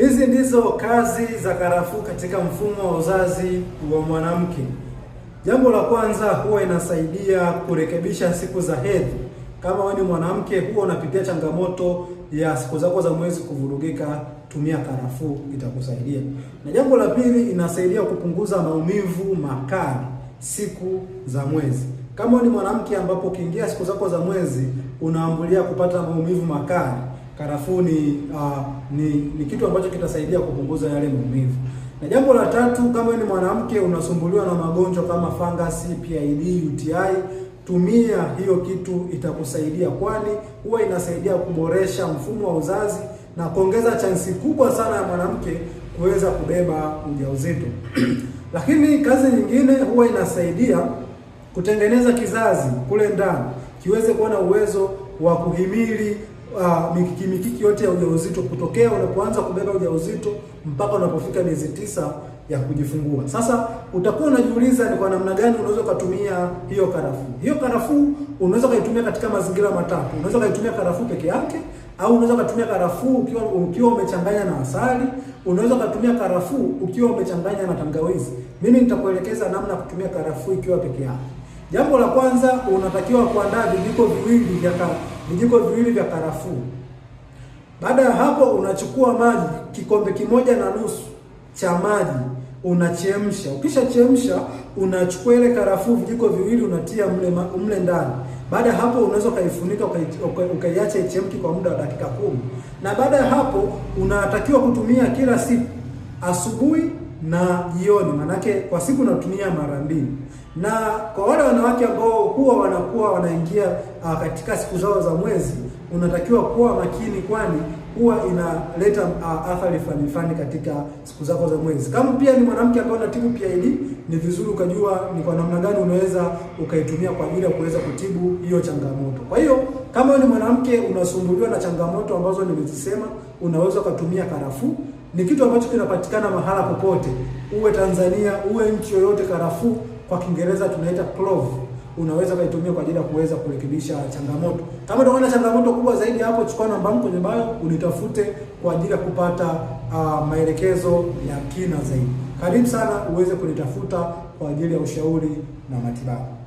Hizi ndizo kazi za karafuu katika mfumo wa uzazi wa mwanamke. Jambo la kwanza, huwa inasaidia kurekebisha siku za hedhi. Kama wewe ni mwanamke, huwa unapitia changamoto ya siku zako za mwezi kuvurugika, tumia karafuu, itakusaidia. Na jambo la pili, inasaidia kupunguza maumivu makali siku za mwezi. Kama wewe ni mwanamke ambapo ukiingia siku zako za mwezi unaambulia kupata maumivu makali Karafuu ni, uh, ah, ni ni kitu ambacho kitasaidia kupunguza yale maumivu. Na jambo la tatu, kama ni mwanamke unasumbuliwa na magonjwa kama fangasi, PID, UTI, tumia hiyo kitu itakusaidia, kwani huwa inasaidia kuboresha mfumo wa uzazi na kuongeza chansi kubwa sana ya mwanamke kuweza kubeba ujauzito. Lakini kazi nyingine huwa inasaidia kutengeneza kizazi kule ndani kiweze kuwa na uwezo wa kuhimili uh, ah, mikiki mikiki yote ya ujauzito kutokea unapoanza kubeba ujauzito mpaka unapofika miezi tisa ya kujifungua. Sasa utakuwa unajiuliza ni kwa namna gani unaweza ukatumia hiyo karafuu. Hiyo karafuu unaweza ukaitumia katika mazingira matatu. Unaweza ukaitumia karafuu peke yake, au unaweza ukatumia karafuu ukiwa ukiwa umechanganya na asali, unaweza ukatumia karafuu ukiwa umechanganya na tangawizi. Mimi nitakuelekeza namna ya kutumia karafuu ikiwa peke yake. Jambo la kwanza unatakiwa kuandaa vijiko viwili vya vijiko viwili vya karafuu. Baada ya hapo, unachukua maji kikombe kimoja na nusu cha maji unachemsha. Ukishachemsha, unachukua ile karafuu vijiko viwili unatia mle mle ndani. Baada ya hapo, unaweza ukaifunika ukaiacha ichemke kwa muda wa dakika kumi, na baada ya hapo unatakiwa kutumia kila siku asubuhi na jioni, manake kwa siku natumia mara mbili. Na kwa wale wanawake ambao huwa wanakuwa wanaingia ah, katika siku zao za mwezi unatakiwa kuwa makini, kwani huwa inaleta ah, athari fani fani katika siku zako za mwezi. Kama pia ni mwanamke ambaye unatibu PID, ni vizuri ukajua ni kwa namna gani unaweza ukaitumia kwa ajili ya kuweza kutibu hiyo changamoto. Kwa hiyo kama ni mwanamke unasumbuliwa na changamoto ambazo nimezisema, unaweza ukatumia karafuu. Ni kitu ambacho kinapatikana mahala popote, uwe Tanzania uwe nchi yoyote. Karafuu kwa Kiingereza tunaita clove unaweza ukaitumia kwa ajili ya kuweza kurekebisha changamoto. Kama utakuwa changamoto kubwa zaidi hapo, chukua namba yangu kwenye bio unitafute kwa ajili ya kupata uh, maelekezo ya kina zaidi. Karibu sana uweze kunitafuta kwa ajili ya ushauri na matibabu.